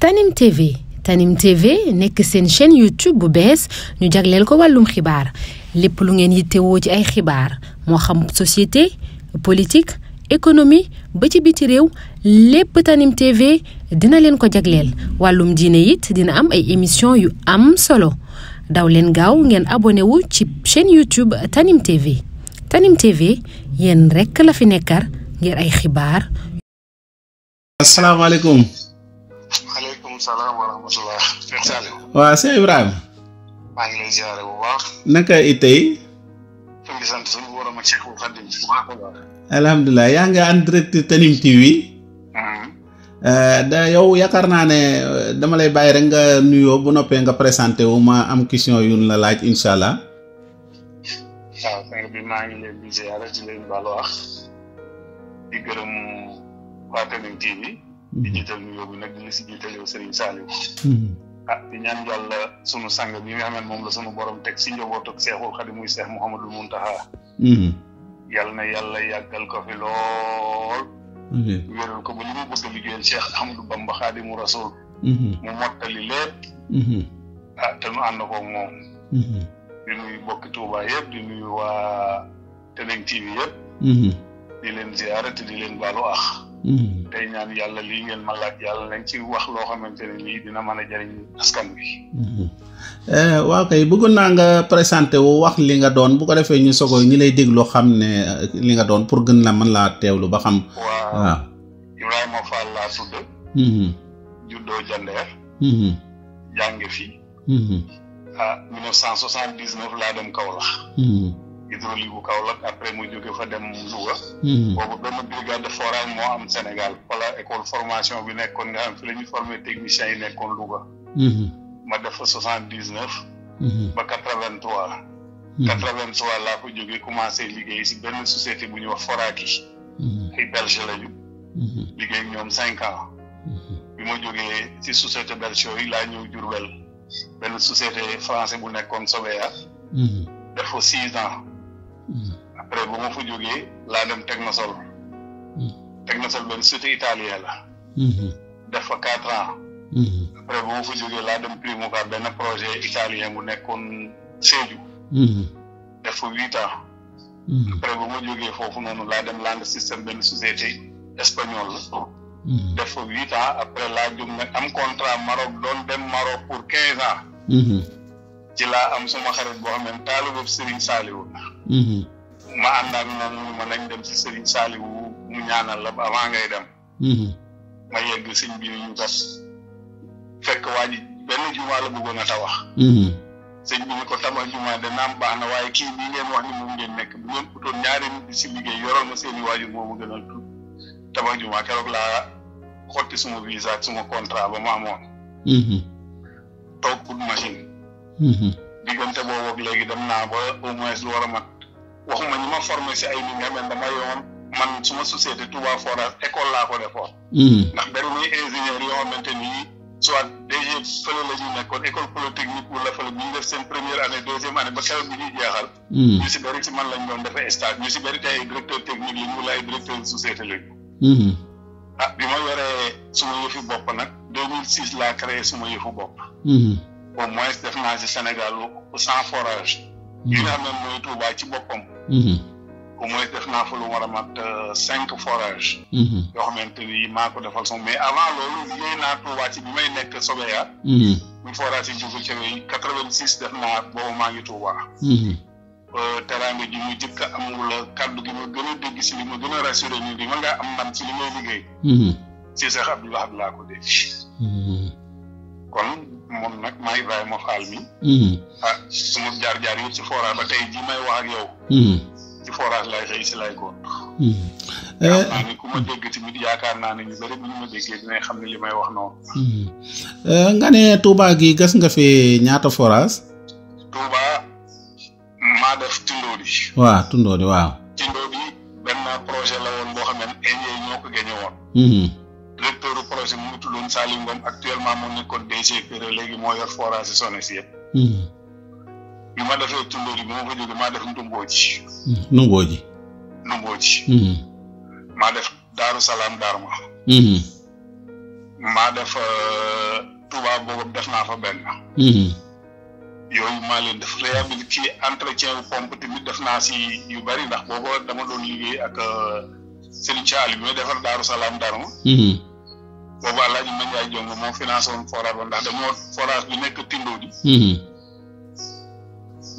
Tanim TV nekk seen chaîne YouTube bu bees ñu jagleel ko wàllum xibaar lépp lu ngeen yittewoo ci ay xibaar moo xam société politik économie ba ci biti réew lépp Tanim TV dina leen ko jagleel wàllum diine it dina am ay emission yu am solo daw leen gaaw ngeen abonné ci chaîne YouTube Tanim TV Tanim TV yéen rekk la fi nekkar ngir ay xibaar. asalaamaaleykum. waaleykum salaam wa rahmatulah. Cheikh Saliou. waaw alhamdulilah yaa ngi en direct Tanim TV. Hmm. Euh, da yow yaakaar naa ne euh, dama lay bàyyi rek nga nuyoo bu noppee nga présenté wu ma am question yu ñu laaj incha ngi leen di di mm-hmm. jiital nuyoo bi nag dina a jiital yow Serigne Saliou. Mm-hmm. ah di ñaan yàlla sunu sang bi nga xam ne moom la sunu borom teg si njaboot ak Seexul Xadim muy Seex Muhammadul Muntaha. Mm-hmm. yàlla na yàlla yàggal ko fi lool. wéral ko ba li mu bëgg a liggéeyal Cheikh Ahmadou Bamba Xaadimu Rasul. mu mottali lépp. ah te nu ànd moom. di nuyu bokki Touba yëpp di nuyu waa Teneng TV yëpp. di leen ziyaare di leen baalu ax Mm. tey ñaan yàlla lii ngeen ma laaj yàlla nañ ci wax loo xamante ne lii dina man a jëriñ askan bi mm. eh, waaw kay bëggoon naa nga présenté wu wax li nga doon bu ko defee ñu sogo ñi lay déglu xam ne eh, li nga doon pour gën la mën laa teewlu ba xam waaw ah. Ibrahima Fall laa tudd mm-hmm. juddoo jandeer mm-hmm. jànge fii mm-hmm. ah laa dem Kaolack hydraulique bu Kaolack après mu jóge fa dem Louga. Hmm. boobu benn brigade de forage moo am Sénégal wala école formation bi nekkoon nga xam fi la forme former techniciens yi nekkoon Louga. Hmm. ma def fa soixante dix neuf. Hmm. ba quatre vingt trois. quatre vingt trois laa ko jógee commencé liggéey si benn société bu ñuy wax Foraki. ay belge lañu. liggéey ak ñoom cinq ans. bi ma jógee si société belge yooyu laa ñëw Diourbel benn société français bu nekkoon Sobeya. def fa ans. après bu ma fa jógee laa dem Technosol hmm. Technosol benn société italien la hmm. def fa quatre ans hmm. après bu ma fa jógee laa dem Primoucar benn projet italien bu nekkoon Sédhiou def fa huit ans après bu ma jógee foofu noonu laa dem Land System benn société espagnole la def fa huit ans après laa jóg nag am contrat Maroc doon dem Maroc pour quinze ans ci am sama xarit boo xam ne taalibab Serigne Saliou ma ànd ak moom mu ma nañ dem si Serigne Saliou mu ñaanal la avant ngay dem. Mhm. ma yegg sëñ bi ñu fekk waa ji benn jumaa la bëggoon a tawax mhm. sëñ bi ko tabax jumaa de naam baax na waaye kii bii ngeen wax ni moom ngeen nekk bu ngeen utoon ñaari nit si liggéey yoral ma seen i waajur moomu jumaa ba ma amoon. Mhm. toog pour machine. diggante boobu ak léegi dem naa ba au moins lu war a mat. waxuma ñi ma formé si ay nit nga xam ne dama yoon man suma société Touba Forage école laa ko defoon. Hmm. ndax bëri muy ingénieur yoo xamante ni soit DG fële la ñu nekkoon école polytechnique wala fële bu def seen première année deuxième année ba keroog bi ñuy jeexal. Hmm. ñu si bëri si man lañ doon defee stage ñu si bëri tey directeur technique lañ wala ay directeur société lañ. Hmm. Ah bi ma yoree suma yëfu bopp nag 2006 laa créé suma yëfu bopp. au moins def naa si Sénégal sans forage. yi nga xam Mhm. au moins def naa fa lu a mat euh, cinq forage mhm. yoo xamante ni maa ko defal sama mais avant loolu liggéey naa Touba ci bi nekk Sobeya muy mhm. forage yi jóge quatre vingt six def naa boobu maa ngi Touba euh, teraanga ji mu jëkk amul kaddu gi ma gën a dégg si li ma gën a rassuré ni ma nga am si li may liggéey ci Cheikh Abdoul Ahad laa ko dégg moom nag maa Ibrahima Fall mi hmm. ah suma jaar-jaar yi ci forage ba tey jii may wax ak yow hmm. ci forage lay xëy si lay hmm. ko eh. naa ku ma dégg tamit yaakaar naa ne ñu bëri bu ñu ma déggee dinañ xam ne li may wax noonu eh, nga ne Touba gi gas nga fi ñaata forage Touba maa def Tindodi waaw Tindodi waaw Tindodi benn projet la woon boo xam ne aussi mu ngi tuddoon Saliou Ngom actuellement moo nekkoon DG Péré léegi moo yor forage sonné si yëpp. Hmm. bi ma defee Tundóori bi ma fa jógee maa def Ndumbooji. Hmm. Ndumbooji. Ndumbooji. Hmm. maa def Daaru Salaam Daaru ma. maa def euh, Touba boobu def naa fa benn. yooyu maa leen def réhabilité ci entretien wu pompe tamit def naa si yu bari ndax boobu dama doon liggéey ak euh, Serigne Thial bi may defar Daaru Salaam boobu Alaaji Mandiaye Jongo moom financé woon forage ba ndax dañoo forage bi nekk Tindodi. Mhm.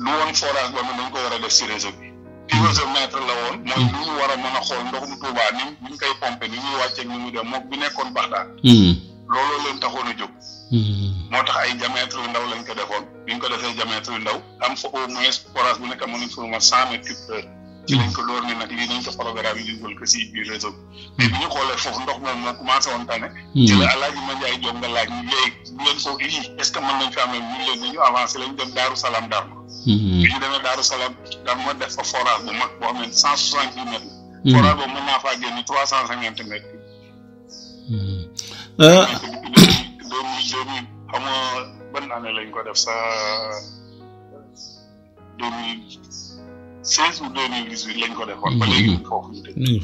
lu woon forage ba man dañ ko war a def si réseau bi. la woon. mooy lu ñu war a a xool ndox mu Tuubaa ni ñu koy pompé ni ñuy wàcceeg ni muy dem mook bi nekkoon Baxdaad. Mhm. looloo leen taxoon a jóg. Mhm. moo tax ay diamètre yu ndaw lañ ko defoon. bi ñu ko defee diamètre yu ndaw am fa au moins forage bu nekk amoon nañ fa cent ci mm. lañ ko door ne nag lii nañ ko programme yi dugal ko si biir réseau bi mais bi ñu xoolee foofu ndox moom moo commencé woon tane ci mm. la ma njaay jom nga laaj ñu léegi ñu leen foofu lii est ce que mën nañ fi am leen ñu leen nañu lañ dem daaru salaam darma mm-hmm. bi ñu demee daaru salaam darma def fa forage bu mag boo xam ne cent soixante kilomètres mm-hmm. naa faa génn trois cent cinquante mètres deux mm-hmm. lañ ko def sa seize août mhm.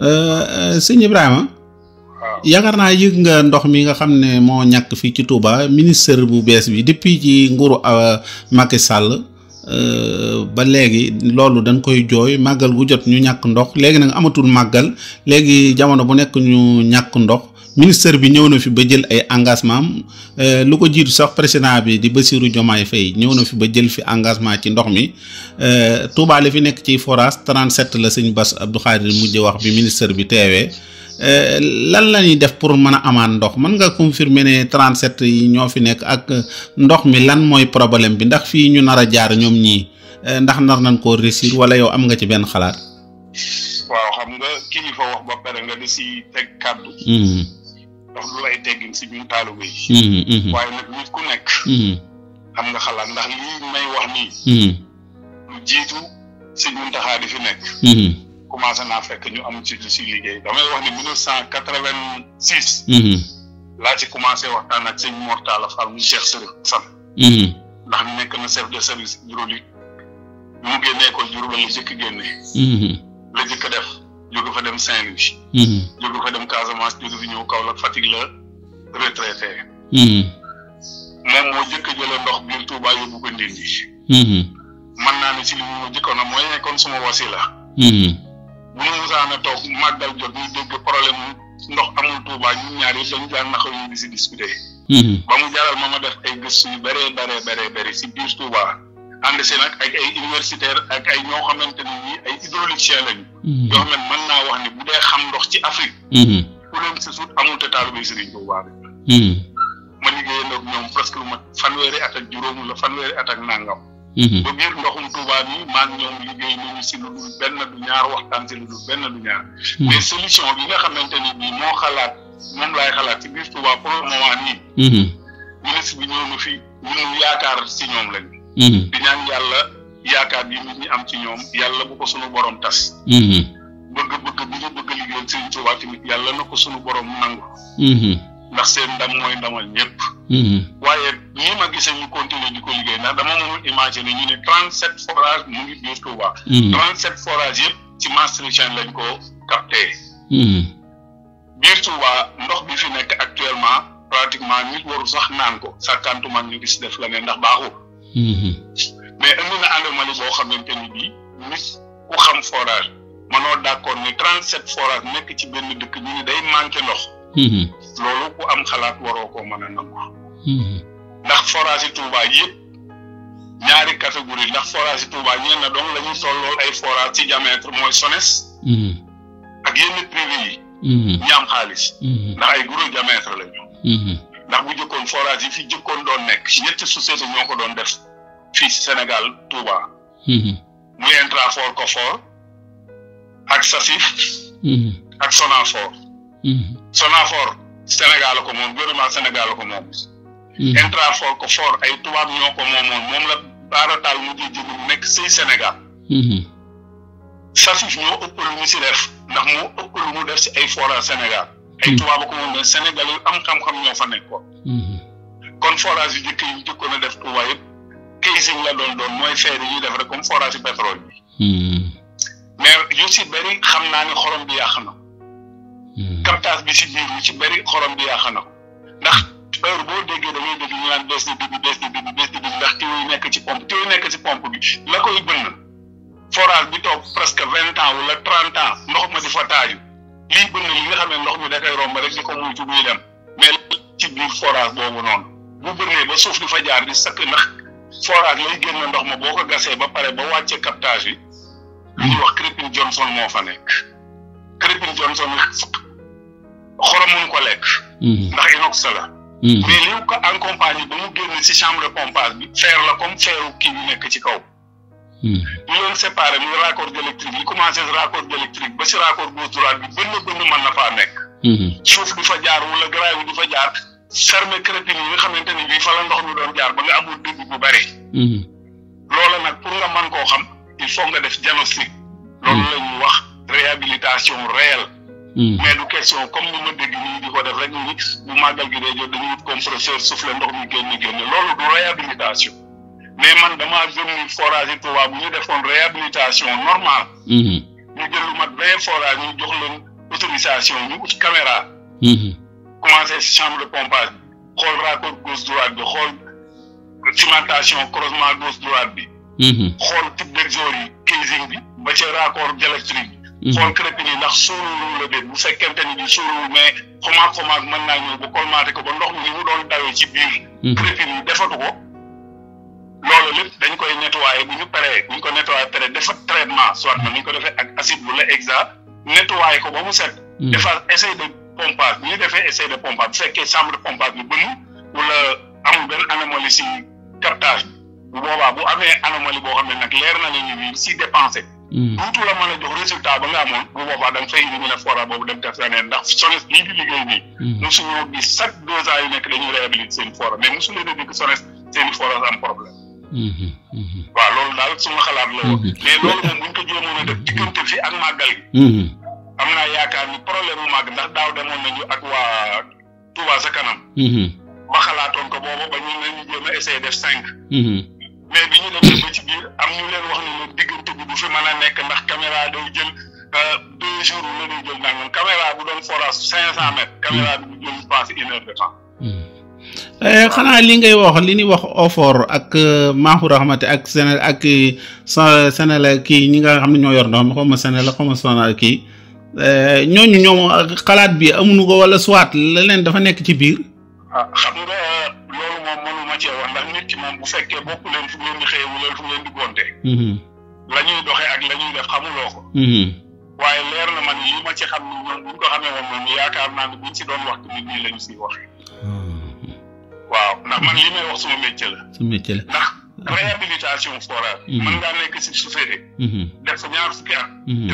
euh, euh, sëñ Ibrahima. yaakaar naa yëg nga ndox mi nga xam ne moo ñàkk fii ci Touba ministre bu bees bi depuis ci nguuru euh, Macky Sall ba léegi loolu dañ koy jooy màggal gu jot ñu ñàkk ndox léegi nag amatul màggal léegi jamono bu nekk ñu ñàkk ndox. ministère bi ñëw na fi ba jël ay engagement am euh, lu ko jiitu sax président bi di Bassirou Diomaye Faye ñëw na fi ba jël fi engagement ci ndox mi euh, Touba li fi nekk ci forage 37 la sëñ Bass Abdou Khadir mujj wax bi ministère bi teewee euh, lan la ñuy def pour mën a amaan ndox mën nga confirmer ne 37 yi ñoo fi nekk ak ndox mi lan mooy problème bi ndax fii ñu nar a jaar ñoom ñii ndax nar nañ koo réussir wala yow am nga ci benn xalaat. waaw xam nga kilifa wax ba pare nga di si teg kàddu. Hmm. ndax du lay teggin si ñun taalibe yi. Mhm, mhm. waaye nekk. Mhm. am nga xalaat ndax lii fi nekk. commencé naa fekk ñu am ci si liggéey damay cent quatre-vingt-six. laa ci commencé waxtaan ak sëñ Mortala mu Cheikh Sëriñ San. ndax nekk na chef de service hydraulique mu jëkk def. jóge fa dem Saint-Louis. Hmm. jóge fa dem Casamance jóge fi ñëw Kaolack Fatick la retraité. Hmm. moom moo jëkk a jëlee ndox biir Touba yóbbu ko Ndindi. Hmm. mën naa ne ci li mu jëkkoon a mooy nekkoon suma wasila. bu ma musaan a toog màggal jot ñu dégg problème ndox amul Touba ñun ñaar yëpp dañu daan naxaw ñu di si discuter. ba mu jaral ma ma def ay gëstu yu bëree bëree bëree si biir tuuba ànd si nag ak ay universitaire ay ñoo xamante ne nii ay hydraulicien lañu. Mhm. yoo xam ne mën naa wax ni bu dee xam ndox ci Afrique. Mhm. ku leen si mhm. ma liggéeyandoog ñoom presque lu fanweeri at ak juróom la fanweeri at ak nangam. ba biir ndoxum Touba bi maa ngi ñoom liggéey nañu si lu dul benn du ñaar waxtaan si lu dul benn du ñaar. mais solution bi nga xamante ni bii moo xalaat moom laay xalaat ci biir Touba pour le moment nii. ministre bi ñëw na fi ñun yaakaar si ñoom lañ. di ñaan yàlla. yaakaar bi nit ñi am ci ñoom yàlla bu ko sunu borom tas. bëgg-bëgg mhm. bi ñu bëgg a si Sëriñ Tuubaa tamit yàlla na ko sunu borom nangu. Mhm. ndax seen ndam mooy ndamal ñëpp. Mhm. waaye nii ma gisee ñu continuer di ko liggéey ndax dama mënul imaginer ñu ne trente sept forage mu ngi biir Touba. trente forage yëpp ci Maastricht lañ ko capté. biir Touba ndox bi fi nekk actuellement pratiquement nit warul sax naan ko sàkkantuma ñu gis def la ne ndax baaxul. mais indi na anomalie boo xamante ni bii mis ku xam forage manoo d'accord ni trente sept forage nekk ci benn dëkk ñu ni day manqué ndox mhm. loolu ku am xalaat waroo ko mën a nangu mhm. ndax forage yi Touba yëpp ñaari catégorie ndax forage yi Touba ñeen na donc la ñuy tollool ay forage ci diamètre mooy SONES mhm. ak yenn privé yi ñi xaalis ndax ay gros diamètre la ñu ndax bu jëkkoon forage yi fi jëkkoon doon nekk ñetti société ñoo ko doon def fii si Sénégal Touba. Mhm. muy Intrafor Cofor ak Safif. Mhm. ak Sonafor. Mhm. Sonafor Sénégal ko moom gouvernement Sénégal ko moom. Intrafor Cofor ay tubaab ñoo ko moomoon moom la Bara Tall mu ngi jënd nekk si Sénégal. Safif ñoo ëpp si def ndax moo ëpp def si ay forage Sénégal. ay tubaab ko moom mais Sénégal am xam-xam ñoo fa nekkoon. kon forage yu njëkk yi njëkkoon a def Touba yëpp. kese bu la doon doon mooy feer yi def rek comme forage si pétrole bi. Hmm. mais yu si bëri xam naa ni xorom bi yàq na ko. Hmm. captage bi si biir yu si bëri xorom bi yàq na ko ndax boo déggee da ngay dégg ñu naan des na digg nekk ci pompe téew nekk ci pompe bi la koy bënn forage bi toog presque vingt ans wala trente ans ndox ma di fa taaju liy bënn li nga xam ndox mi da koy romb rek di ko mujj dem mais ci biir forage boobu noonu bu bënnee ba suuf di fa jaar di sakk ndax. forage lay génn ndox ma boo ko gasee ba pare ba wàccee captage bi lu ñuy wax Crépin Johnson moo fa nekk Crépin Johnson xorom mun ko lekk. Mm-hmm. ndax inox la. Mm-hmm. mais li ko accompagné ba mu génn si chambre de bi fer la comme feeru kii bi nekk ci kaw. ñu mm-hmm. leen séparé muy raccord électrique li commencé si raccord électrique ba si raccord gauche droite bi bënn bënn mën na faa nekk. suuf du fa jaar wala garaay du fa jaar. fermer crépine yi nga xamante ni bii fa la ndox mi doon jaar ba nga amul dugg bu bëri. Mhm. loola nag pour nga mën koo xam il faut nga def diagnostic. loolu la ñuy wax réhabilitation réelle. Mhm. mais du question comme ni ma dégg nii di ko def rek nit bu màggal mi génn génn loolu réhabilitation mais man damaa gëm ni forage yi tubaab bu ñu defoon réhabilitation normale. Mhm. ñu jël mat vingt forage ñu jox leen autorisation ñu ut caméra. commencé si chambre de pompage xool raccord gauche droite bi xool cimentation croisement gauche droite bi. Mhm. xool type de jour yi casing bi ba ca raccord électrique bi. xool mhm. crépine yi ndax sóoluwul la déet bu fekkente ni di sóoluwul mais xoma xoma mën naa ñëw ba colmaté ko ba ndox mi mu doon dawee ci biir. Mhm. crépine yi defatu ko loolu lépp dañ koy nettoyer bu ñu paree bu ñu ko nettoyer pare defa traitement soit na nu ñu ko defee ak acide bu la exa nettoyer ko ba mu pompage bu ñu defee essai de pompage bu fekkee chambre de pompage bi bënn wala amul benn anomalie si captage bu boobaa bu amee anomalie boo xam ne nag leer na la ñu ni si dépensé. Hmm. duutu la mën a jox résultat ba nga amoon bu boobaa da nga fay éliminer forage boobu dem def leneen ndax SONES lii di liggéey nii. Hmm. mosu ñoo gis chaque deux ans yu nekk dañuy réhabiliter seen forage mais mosu leen a dégg SONES seen forage am problème. Hmm, waaw loolu daal suma xalaat la a am naa yaakaar ni problème mu màgg ndax daaw demoon nañu ak waa Touba sa kanam. Mhm. ma xalaatoon ko boobu ba ñu leen a essayé def cinq. Mhm. mais bi ñu demee ba ci biir am ñu leen wax ne leen diggante du fi mën a nekk ndax caméra day jël euh, deux jours la day caméra bu doon forage cinq cent mètres. Mhm. caméra bi du jël passé une heure de temps. Euh, xanaa li ngay wax li ñuy wax OFOR ak euh, Maahu Rahmati ak Sénégal ak sa Sénégal kii ñi nga xam ne ñoo yor ndox ma xaw ma Sénégal xaw ma Sonacos kii. Eh, ñooñu ñoom xalaat bi amuñu ko wala soit leneen dafa nekk ci biir. ah xam nga eh, loolu moom mënuma cee wax ndax nit moom bu fekkee bokk leen fu ngeen di xëyee wu leen fu ngeen di gonte. Mm-hmm. la ñuy doxee ak la def xamuloo ko. Mm-hmm. waaye leer na man lii ma ci xam ni ñoom ko xamee woon moom yaakaar naa ni buñ si doon wax tamit nii lañ siy waxee. Ah. waaw ndax man li may wax suma métier la. su métier la réhabilitation forage. Mhm. mën ngaa nekk si société. Mhm. def fa ñaar fukki at. Mhm. te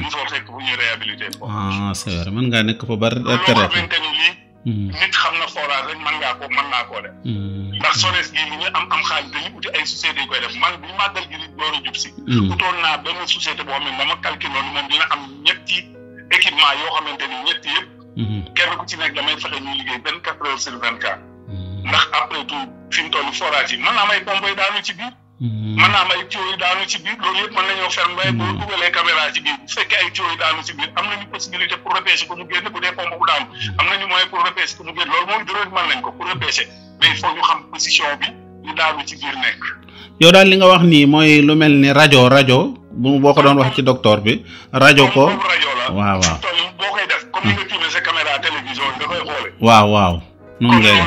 ah, mën ngaa nekk fa bar terewul loolu nga xam na forage rek ko mën naa koo def. ndax SONES gii ni am am xaalis dañuy uti koy def man bu ñu màggal gi door a jub si. naa benn société boo xam ne dama calculé woon moom dina am ñetti équipement yoo xamante ni ñetti yëpp. kenn ku ci nekk damay fexe ñu liggéey benn quatre heures sur vingt ndax après tout fi mu toll forage yi naa am ay pompes daanu ci biir. Hmm. mën naa am ay tuyaux daanu ci biir loolu yëpp mën nañoo fermer waaye hmm. boo dugalee ci bu fekkee ay tuyaux yu daanu ci biir hmm. bi ñu daanu nekk. yow daal li nga wax nii mooy lu mel ni rajo rajo boo ko doon wax ci docteur bi rajo ko waaw waaw boo koy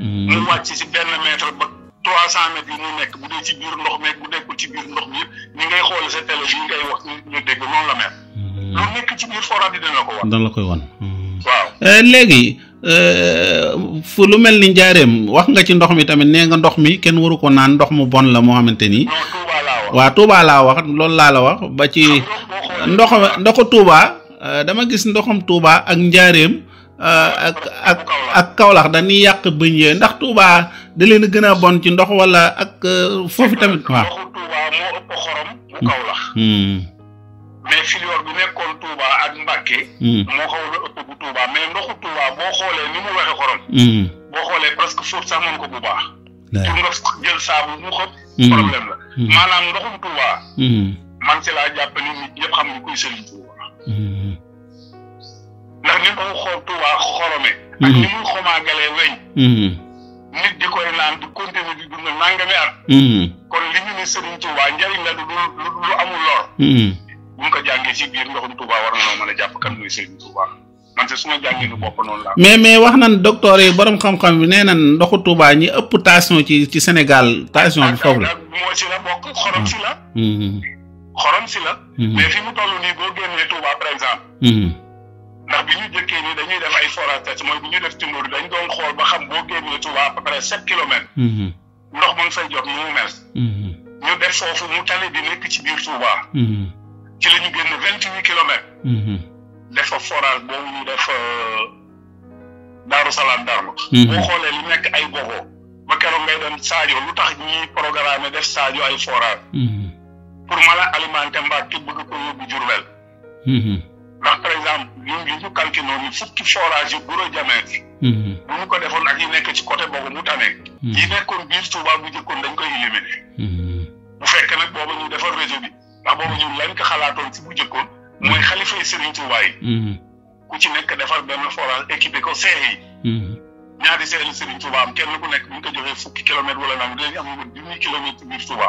ñu mm-hmm. wàcc si mm-hmm. lu koy wan. Mm-hmm. waaw eh, eh, lu mel ni njaareem wax nga ci ndox mi tamit nee nga ndox mi kenn waru ko naan ndox mu bon la moo xamante ni. waaw Touba laa wax loolu laa la wax ba ci. ndox ndoxu Touba eh, dama gis ndoxum tuubaa ak njaareem. Euh, ak ak ak dañuy yàq bëñ yee ndax Touba da leen a gën a bon ci ndox wala ak euh, foofu tamit. waaw ndoxu Touba moo ëpp xorom bu Kaolack. Hmm. Hmm. mais filior bi nekkoon Touba ak Mbacke. Hmm. moo xoolee ni mu waxe xorom. boo xoolee presque fóot sax mën ko bu baax. pour nga jël saabu mu xob. maanaam ndoxum Touba. man ci laa jàpp nit ñëpp xam ni kuy sëriñ Touba. ndax ni ko xool Tuubaa xorome ak mhm. ni muy mhm. mhm. la mais mais wax nan docteur yi borom xam-xam bi nee nan ndoxu Tuubaa ñi ëpp tension ci ci Sénégal tension bi foofu la moo xorom si la xorom fi mu toll nii boo génnee Tuubaa par ndax bi ñu jëkkee nii dañuy def ay forage test mooy bu ñu def tindoor dañ doon xool ba xam boo génnee Touba à peu près sept kilomètres mm-hmm. ndox mu ngi fay jot mu mel mm-hmm. ñu def foofu mu tali di nekk ci biir Touba mm-hmm. ci la ñu génn vingt huit kilomètres def fa forage boobu ñu def euh, Daaru Salaam Darma boo xoolee li ay gogo ba keroog ngay dem Sadio lu tax ñuy programme def Sadio ay forage pour mala alimenter Mbacke bëgg ko yóbbu Diourbel ndax par exemple ñun li ñu calculé noonu fukki forage yu gros diamètre. bu mhm. ñu ko defoon ak yi nekk ci côté boobu mu tane. Mhm. yi nekkoon biir Touba bu njëkkoon dañ koy éliminer. Mhm. bu fekkee nag booba ñu defar réseau bi ndax booba ñun a ko xalaatoon ci bu njëkkoon mooy xalifa yi Serigne Touba yi. ku ci nekk defar benn forage équipé ko seex yi. ñaari seex yi Serigne Touba am kenn nekk bu ñu ko joxee fukki kilomètres wala naan dañuy am lu junni kilomètres biir Touba.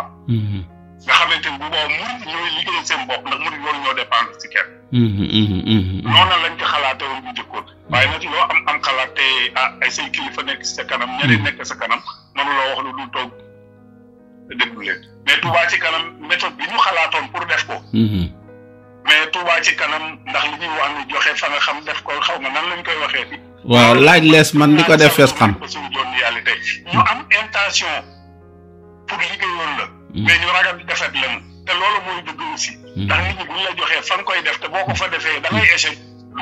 nga xamante ni bu boobaa murid ñooy liggéeyal seen bopp ndax murid loolu ñoo dépendre si kenn. Mhm, mhm, mhm, noonu lañ ko xalaatee woon bu waaye nag loo am am xalaat te ah, ay say fa nekk si sa kanam ñeneen nekk sa kanam mënuloo wax lu dul toog déglu leen mais Touba ci kanam méthode bi pour def ko. mais Touba ci kanam ndax li ñuy wax ni joxe fa nga xam def ko xaw ma nan lañ koy waxee fi. waaw laaj lees man li ko def fees xam. ñu am intention pour liggéeyoon la. Mm. mais ñu ragal defet lañu te loolu mooy dëgg aussi. Mm. ndax nit la joxee fa nga koy def te boo ko fa defee da ngay mm. échec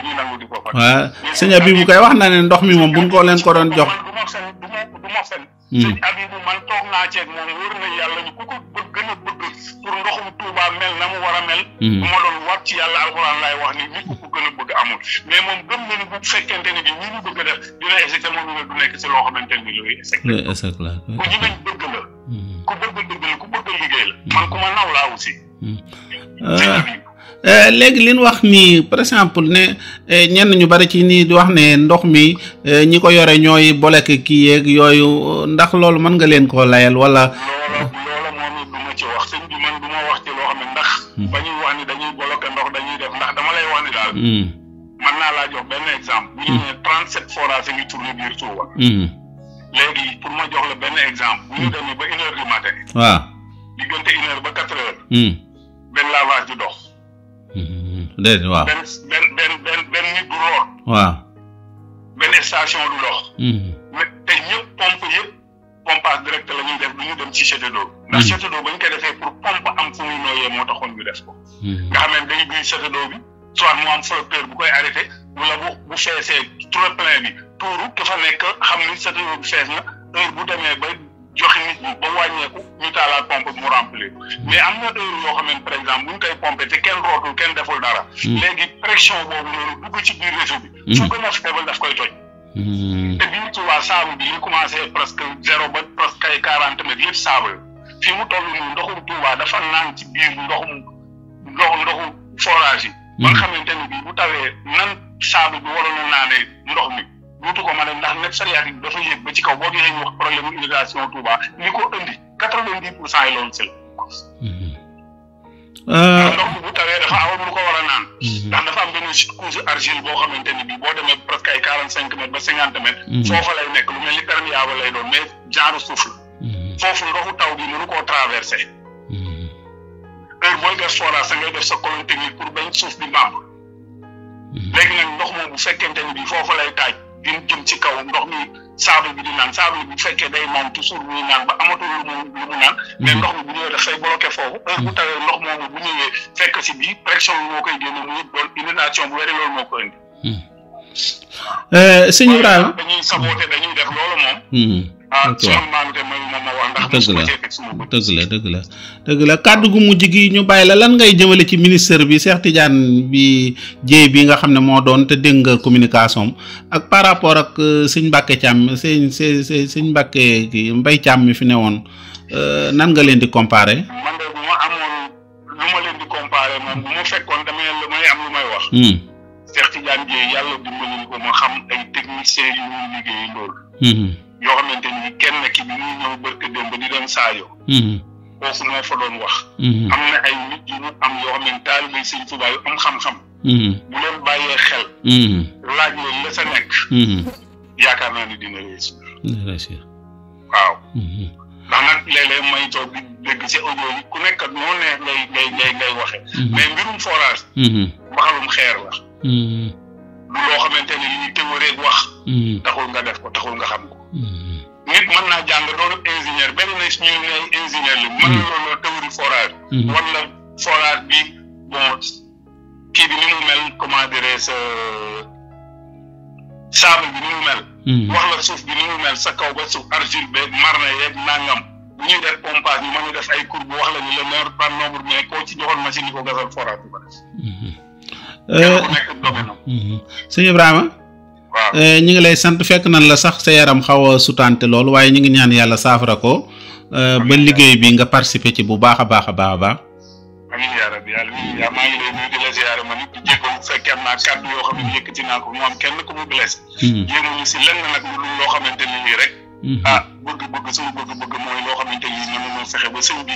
ñu nangu di ko fa. waaw sëñ Abibu kay wax na ne ndox mi moom bu ñu ko leen ko doon jox. du ma fen du ma man toog naa ceeg na yàlla ñu ku ko bëgg gën a bëgg pour ndoxum Touba mel na mu war a mel. bu ma yàlla laay wax ni nit ku ko gën a mais moom gëm fekkente ni bi ñi ñu bëgg du nekk loo xamante ni bii looy échec. looy la. ku bëgg dëgg la ku bëgg liggéey la man ku ma naw aussi. Hmm. Euh, euh, léegi li wax nii par exemple ne euh, ñenn ñu bari ci nii di wax ne ndox mi ñi ko yore ñooy bolek kii yéeg yooyu ndax loolu mën nga leen koo layal wala. loola moom it du ci wax sëñ bi man wax ci loo xam ndax. Hmm. ba ñuy wax ni dañuy bolok ndox dañuy def ndax dama lay wax ni daal. Hmm. mën naa laa jox benn exemple. bu ñu nee 37 forages yi ñu tourné biir Touba. léegi pour ma jox la benn exemple. bu ñu hmm. demee ba une heure du waaw diggante une heure ba quatre heures. Hmm. benn lavage du dox. Hmm. déedéet waaw benn benn du root. waaw benn station du dox. mais te ñëpp pompe yëpp pompage direct la ñuy def du ñu dem si château d'eau. ndax château d'eau ba ñu koy defee pour pompe am fu muy nooyee moo taxoon ñu def ko. nga xam ne day duy château d'eau bi soit mu am flotteur bu koy arrêté wala bu feesee trop plein bi. autoroute dafa nekk xam ni sa dëkk fees na bu demee ba joxe nit ñi ba wàññeeku ñu taalaat pompe mu remplir mais am na heure yoo xam ne par exemple bu ñu koy pompe te kenn rootul kenn deful dara. Hmm. léegi pression boobu noonu dugg ci biir réseau bi. Hmm. su gën a faible daf koy toj. Hmm. te biir Touba saabu bi ñu commencé presque zéro ba presque ay quarante mètres yëpp saabu fi mu toll nii ndoxum Touba dafa naan ci biir ndoxum ndoxu ndoxu forage yi. ba nga xamante ni bii bu tawee ndox mi. dootu ko mën a ndax nag sariyaat yi dafa yéeg ba ci kaw boo gisee ñu wax problème mu inondation Touba ko indi quatre vingt dix pour cent yi loolu sel euh, ndox bu tawee dafa aw lu ko wara a naan mhm. ndax dafa am benn couche argile boo xamante ni bi boo demee presque ay quarante cinq mètres ba cinquante mètres soo mhm. lay nekk lu mel ni perméable lay doon mais genre suuf la mhm. foofu ndoxu taw bi mënu koo traversé heure booy def forage sa ngay def sa colonne technique pour bañ suuf bi mbaam léegi ndox moom bu fekkente ni bi di jëm ci kaw ndox mi saabu bi di naan saabu bi bu fekkee day moom toujours muy naan ba amatul lu mu lu mu naan. Mhm. mais ndox mi bu ñëwee dafay bloqué foofu. Mhm. ndox moomu bu ñëwee fekk si bii pression bi moo koy génne muy doon inondation bu wéree loolu moo ko indi. Hmm. Euh, sëñ Ibrahima dañuy saboote dañuy def loolu moom. Hmm. ah dëgg la dëgg la dëgg la dëgg la kàddu gu mujj gi ñu bàyyi la lan ngay jëmale ci ministère bi Cheikh Tidiane bi jéey bi nga xam ne moo doon te dégg communication ak par rapport ak euh, sëñ Mbàkke Thiam sëñ sëñ sëñ ki Mbay Thiam mi fi ne woon euh, nan nga leen di comparer. man de bu ma amoon lu ma leen di comparer moom bu ma fekkoon damay am lu may wax. Hmm. Cheikh Tidiane jéey yàlla dimbali ko ma xam ay techniciens yu liggéey loolu. Hmm. yoo xamante ni kenn ki bi ñuy ñëw barke démb di hmm. doon saayo foofu moo fa wax hmm. am na ay nit yu am yoo xam ne taalibay sëñ Tuubaa am xam-xam hmm. bu leen bàyyee xel laaj loolu la sa nekk yaakaar naa ni dina réussir waaw ndax nag léeg-léeg may toog di dégg ci audio ku nekk ak ne ngay ngay ngay ngay waxee mais mbirum forage xeer la du loo xamante ne li ñu wax Hmm. taxul nga def ko taxul nga xam ko. Hmm. nit mën naa jàng doon ingénieur benn na ñu ne ingénieur li mën na hmm. loolu théorie forage. wala forage bi bon kii bi ni mu comment dirais sa sable bi ni mu mel. wax la suuf bi ni sa kaw ba suuf argile beeg marne yeeg nangam bu ñuy def pompage ñu mën a def ay courbe wax la ni le meilleur par nombre mais koo machine yi gasal forage bi ba def. kenn ku euh, Eh, ñu ngi lay sant fekk nan la sax sa yaram xaw a sutante loolu waaye ñu ngi ñaan yàlla saafara ko eh, ba liggéey bi nga participer ci bu baax a baax a baax a baax. amiin yaa maa ngi kenn ku mu blessé. Hmm. yéemuñu si lenn nag lu hmm. ah, bëgg-bëgg xamante ni